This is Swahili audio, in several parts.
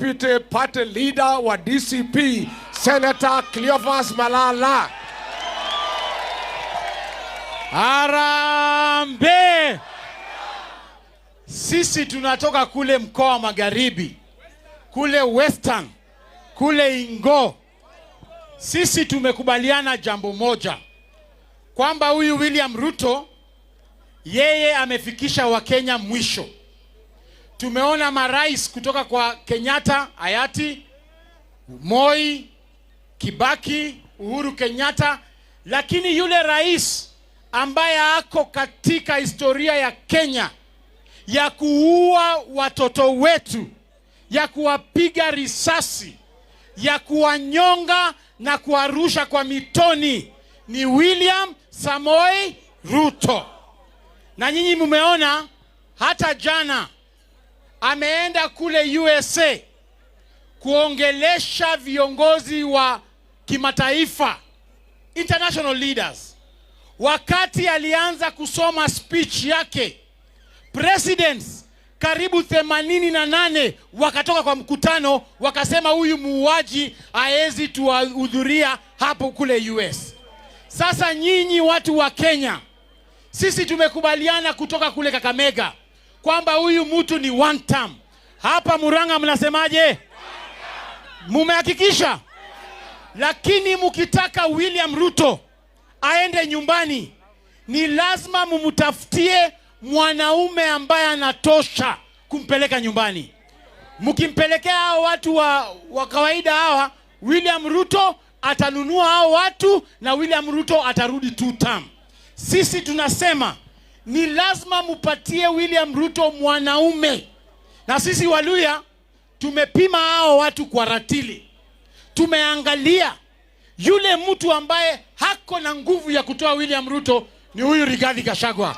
Deputy Party Leader wa DCP Senator Cleophas Malala. Arambe! Sisi tunatoka kule mkoa wa Magharibi, kule Western, kule Ingo. Sisi tumekubaliana jambo moja kwamba huyu William Ruto yeye amefikisha Wakenya mwisho. Tumeona marais kutoka kwa Kenyatta hayati, Moi, Kibaki, Uhuru Kenyatta, lakini yule rais ambaye ako katika historia ya Kenya ya kuua watoto wetu, ya kuwapiga risasi, ya kuwanyonga na kuwarusha kwa mitoni ni William Samoei Ruto. Na nyinyi mumeona hata jana ameenda kule USA kuongelesha viongozi wa kimataifa, international leaders. Wakati alianza kusoma speech yake, presidents karibu 88 wakatoka kwa mkutano, wakasema huyu muuaji haezi tuwahudhuria hapo kule US. Sasa nyinyi watu wa Kenya, sisi tumekubaliana kutoka kule Kakamega kwamba huyu mtu ni one term. Hapa Murang'a mnasemaje? Mumehakikisha? Lakini mkitaka William Ruto aende nyumbani, ni lazima mumtafutie mwanaume ambaye anatosha kumpeleka nyumbani. Mkimpelekea hao watu wa, wa kawaida hawa, William Ruto atanunua hao watu na William Ruto atarudi two term. Sisi tunasema ni lazima mupatie William Ruto mwanaume, na sisi Waluya tumepima hao watu kwa ratili, tumeangalia yule mtu ambaye hako na nguvu ya kutoa William Ruto ni huyu Rigathi Gachagua.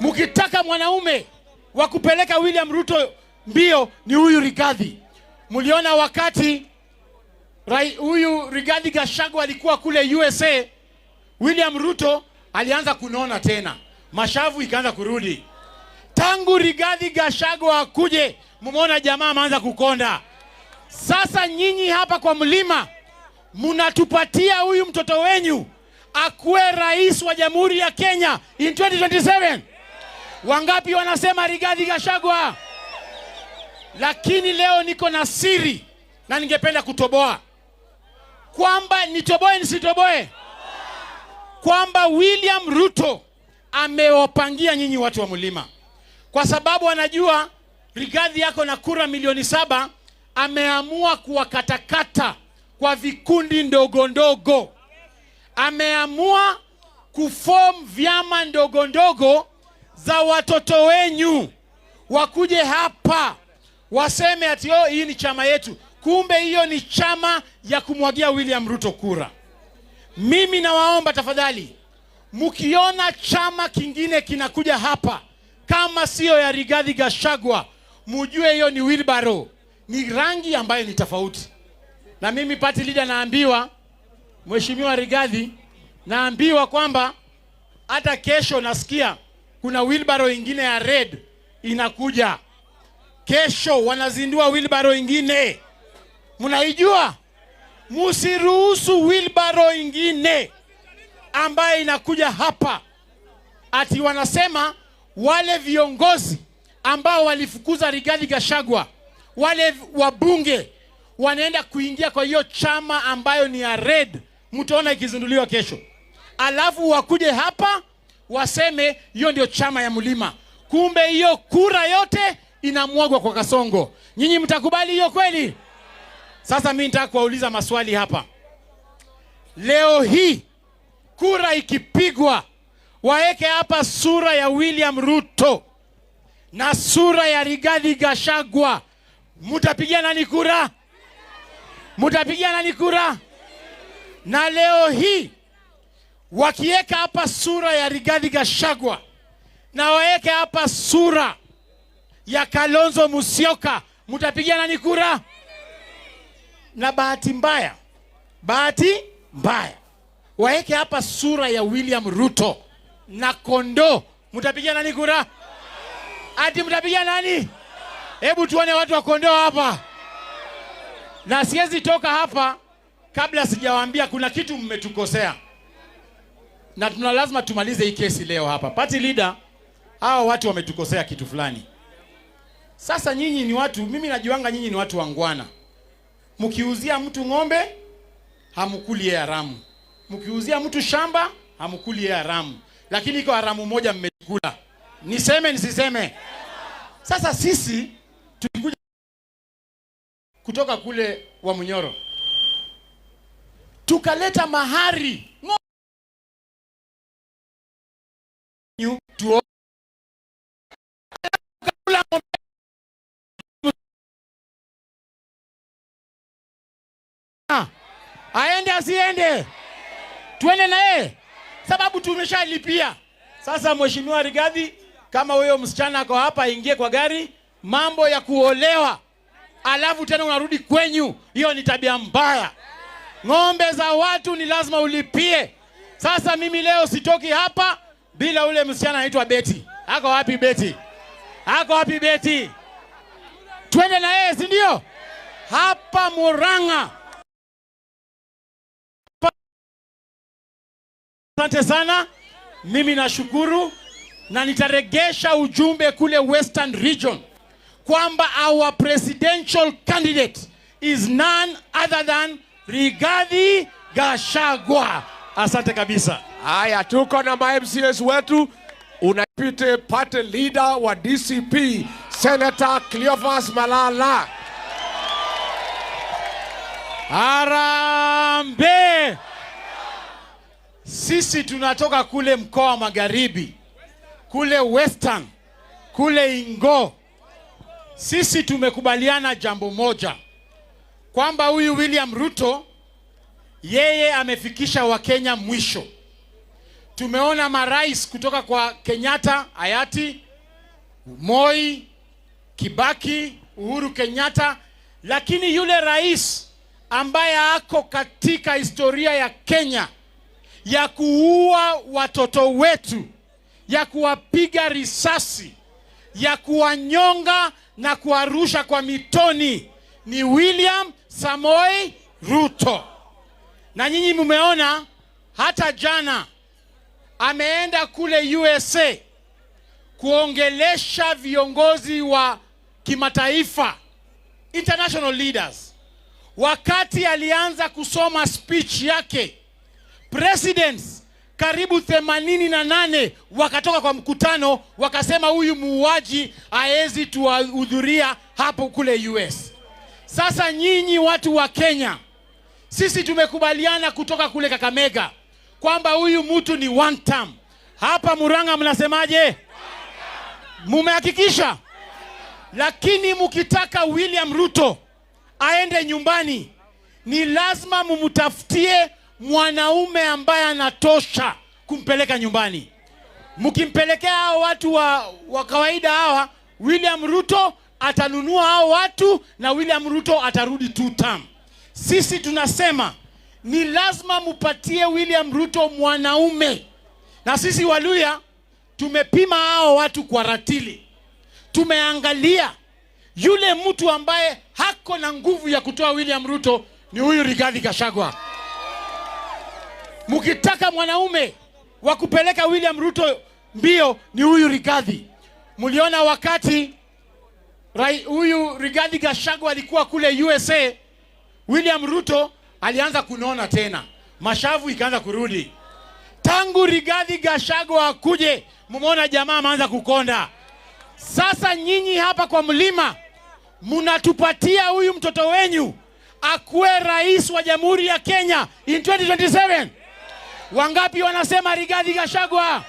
Mkitaka mwanaume wa kupeleka William Ruto mbio ni huyu Rigathi. Mliona wakati huyu Rigathi Gachagua alikuwa kule USA, William Ruto alianza kunona tena, mashavu ikaanza kurudi. Tangu Rigathi Gachagua akuje, mumona jamaa ameanza kukonda. Sasa nyinyi hapa kwa mlima mnatupatia huyu mtoto wenyu akuwe rais wa Jamhuri ya Kenya in 2027. Wangapi wanasema Rigathi Gachagua? Lakini leo niko na siri na ningependa kutoboa kwamba nitoboe nisitoboe kwamba William Ruto amewapangia nyinyi watu wa mlima, kwa sababu anajua Rigathi yako na kura milioni saba, ameamua kuwakatakata kwa vikundi ndogo ndogo, ameamua kuform vyama ndogo ndogo za watoto wenyu wakuje hapa waseme ati oh, hii ni chama yetu. Kumbe hiyo ni chama ya kumwagia William Ruto kura. Mimi nawaomba tafadhali, mkiona chama kingine kinakuja hapa kama siyo ya Rigathi Gachagua, mujue hiyo ni wilbaro, ni rangi ambayo ni tofauti. Na mimi party leader naambiwa, Mheshimiwa Rigathi, naambiwa kwamba hata kesho nasikia kuna wilbaro ingine ya red inakuja kesho, wanazindua wilbaro ingine, mnaijua? Msiruhusu wilbaro ingine ambaye inakuja hapa ati wanasema wale viongozi ambao walifukuza Rigathi Gachagua, wale wabunge wanaenda kuingia kwa hiyo chama ambayo ni ya red, mtaona ikizinduliwa kesho, alafu wakuje hapa waseme hiyo ndio chama ya mlima. Kumbe hiyo kura yote inamwagwa kwa Kasongo. Nyinyi mtakubali hiyo kweli? Sasa mimi nitaka kuwauliza maswali hapa. Leo hii kura ikipigwa, waeke hapa sura ya William Ruto na sura ya Rigathi Gachagua. Mutapigia nani kura? Mutapigia nani kura? Na leo hii wakiweka hapa sura ya Rigathi Gachagua na waweke hapa sura ya Kalonzo Musyoka, mtapigia nani kura? na bahati mbaya, bahati mbaya waweke hapa sura ya William Ruto na kondoo. Mtapigia nani kura? Ati mtapigia nani? Hebu tuone watu wa kondoo hapa, na siwezi toka hapa kabla sijawaambia kuna kitu mmetukosea, na tuna lazima tumalize hii kesi leo hapa. Party leader, hawa watu wametukosea kitu fulani. Sasa nyinyi ni watu, mimi najiwanga nyinyi ni watu wangwana mkiuzia mtu ng'ombe hamkuli haramu, mkiuzia mtu shamba hamkuli haramu, lakini iko haramu moja mmekula. Niseme nisiseme? Sasa sisi tulikuja kutoka kule wa Munyoro tukaleta mahari ng'ombe. asiende? Tuende na yeye sababu tumeshalipia. Sasa Mheshimiwa Rigathi, kama huyo msichana ako hapa, aingie kwa gari. Mambo ya kuolewa alafu tena unarudi kwenyu, hiyo ni tabia mbaya. Ng'ombe za watu ni lazima ulipie. Sasa mimi leo sitoki hapa bila ule msichana anaitwa Beti. Ako wapi Beti? Ako wapi Beti? Twende na yeye, si ndio? Hapa Murang'a Asante sana, mimi nashukuru na nitaregesha ujumbe kule Western Region kwamba our presidential candidate is none other than Rigathi Gachagua. Asante kabisa. Haya, tuko na mamcs wetu, unapite party leader wa DCP Senator Cleophas Malala. Harambee! Sisi tunatoka kule mkoa wa Magharibi, kule Western, kule Ingo. Sisi tumekubaliana jambo moja kwamba huyu William Ruto yeye amefikisha Wakenya mwisho. Tumeona marais kutoka kwa Kenyatta, hayati Moi, Kibaki, Uhuru Kenyatta, lakini yule rais ambaye ako katika historia ya Kenya ya kuua watoto wetu, ya kuwapiga risasi, ya kuwanyonga na kuwarusha kwa mitoni ni William Samoi Ruto. Na nyinyi mmeona hata jana ameenda kule USA kuongelesha viongozi wa kimataifa, international leaders. Wakati alianza kusoma speech yake presidents karibu 88 wakatoka kwa mkutano wakasema huyu muuaji haezi tuwahudhuria hapo kule US. Sasa nyinyi watu wa Kenya, sisi tumekubaliana kutoka kule Kakamega kwamba huyu mtu ni one term. Hapa Murang'a mnasemaje? Mumehakikisha? Lakini mkitaka William Ruto aende nyumbani, ni lazima mumtafutie mwanaume ambaye anatosha kumpeleka nyumbani. Mkimpelekea hao watu wa, wa kawaida hawa, William Ruto atanunua hao watu na William Ruto atarudi two term. Sisi tunasema ni lazima mupatie William Ruto mwanaume, na sisi Waluya tumepima hao watu kwa ratili, tumeangalia yule mtu ambaye hako na nguvu ya kutoa William Ruto ni huyu Rigathi Gachagua. Mkitaka mwanaume wa kupeleka William Ruto mbio ni huyu Rigathi. Mliona wakati huyu Rigathi Gachagua alikuwa kule USA, William Ruto alianza kunona tena, mashavu ikaanza kurudi. Tangu Rigathi Gachagua akuje, mmeona jamaa ameanza kukonda. Sasa nyinyi hapa kwa mlima mnatupatia huyu mtoto wenyu akuwe rais wa Jamhuri ya Kenya in 2027. Wangapi wanasema Rigathi Gachagua?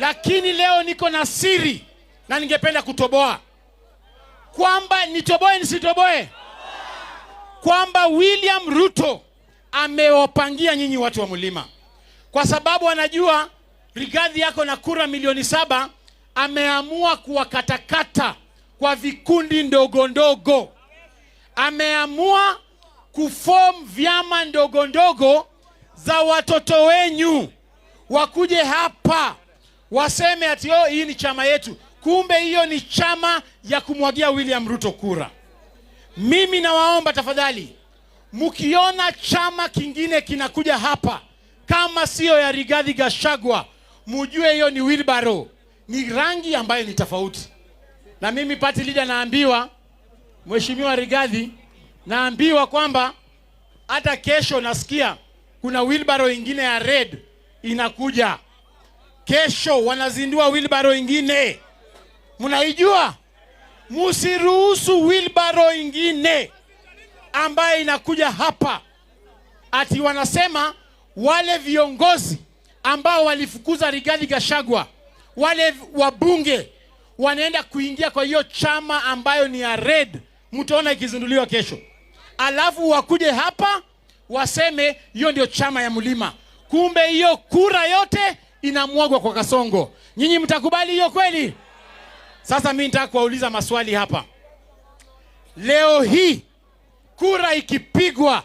Lakini leo niko na siri na ningependa kutoboa kwamba nitoboe nisitoboe, kwamba William Ruto amewapangia nyinyi watu wa mlima, kwa sababu anajua Rigathi yako na kura milioni saba. Ameamua kuwakatakata kwa vikundi ndogo ndogo, ameamua kuform vyama ndogo ndogo za watoto wenyu wakuje hapa waseme ati oh, hii ni chama yetu. Kumbe hiyo ni chama ya kumwagia William Ruto kura. Mimi nawaomba tafadhali, mkiona chama kingine kinakuja hapa kama siyo ya Rigathi Gachagua, mujue hiyo ni wilbaro, ni rangi ambayo ni tofauti. Na mimi party leader naambiwa, Mheshimiwa Rigathi, naambiwa kwamba hata kesho nasikia kuna wilbaro ingine ya red inakuja kesho, wanazindua wilbaro ingine. Mnaijua? Msiruhusu wilbaro ingine ambaye inakuja hapa, ati wanasema wale viongozi ambao walifukuza Rigathi Gachagua, wale wabunge wanaenda kuingia kwa hiyo chama ambayo ni ya red, mtaona ikizinduliwa kesho, alafu wakuje hapa waseme hiyo ndio chama ya mlima. Kumbe hiyo kura yote inamwagwa kwa Kasongo. Nyinyi mtakubali hiyo kweli? Sasa mimi nitaka kuwauliza maswali hapa. Leo hii kura ikipigwa,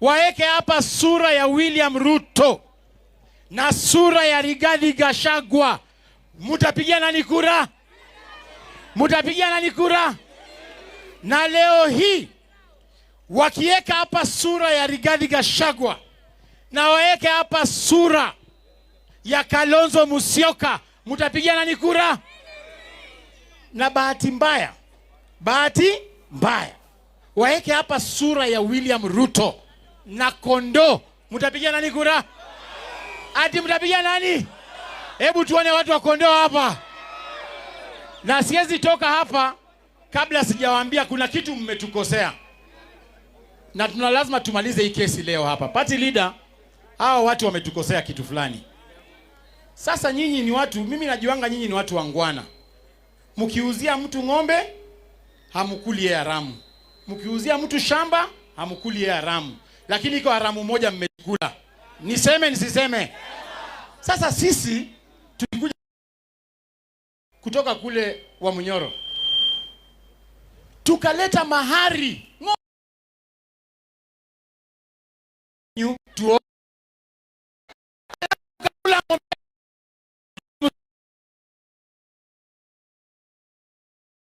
waeke hapa sura ya William Ruto na sura ya Rigathi Gachagua, mutapigia nani kura? Mtapigia nani kura? Na leo hii Wakiweka hapa sura ya Rigathi Gachagua na waweke hapa sura ya Kalonzo Musyoka, mutapigia nani kura? Na bahati mbaya, bahati mbaya, waweke hapa sura ya William Ruto na kondoo, mutapigia nani kura? Ati mtapigia nani? Hebu tuone watu wa kondoo hapa, na siwezi toka hapa kabla sijawaambia kuna kitu mmetukosea na tuna lazima tumalize hii kesi leo hapa. Party leader, hawa watu wametukosea kitu fulani. Sasa nyinyi ni watu, mimi najiwanga nyinyi ni watu wangwana. Mkiuzia mtu ng'ombe hamkuli yeye haramu, mkiuzia mtu shamba hamkuli yeye haramu, lakini iko haramu moja mmekula. Niseme nisiseme? Sasa sisi tulikuja kutoka kule wa Munyoro tukaleta mahari ng'ombe. you to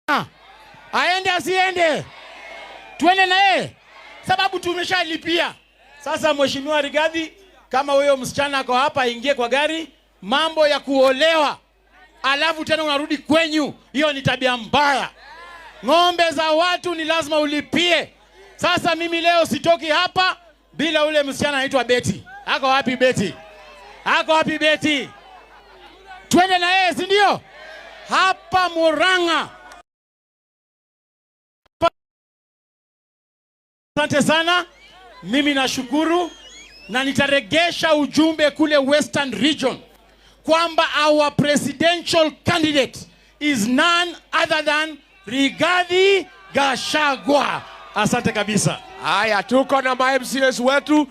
ah, aende asiende, twende naye sababu tumeshalipia. Sasa Mheshimiwa Rigathi, kama huyo msichana ako hapa, aingie kwa gari. Mambo ya kuolewa alafu tena unarudi kwenyu, hiyo ni tabia mbaya. Ng'ombe za watu ni lazima ulipie. Sasa mimi leo sitoki hapa bila ule msichana anaitwa Beti. Ako wapi Beti? Ako wapi Beti? Twende na yeye, si ndio? Hapa Murang'a. Asante sana, mimi nashukuru na nitaregesha ujumbe kule Western Region kwamba our presidential candidate is none other than Rigathi Gachagua. Asante kabisa. Haya, tuko na MCS wetu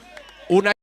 una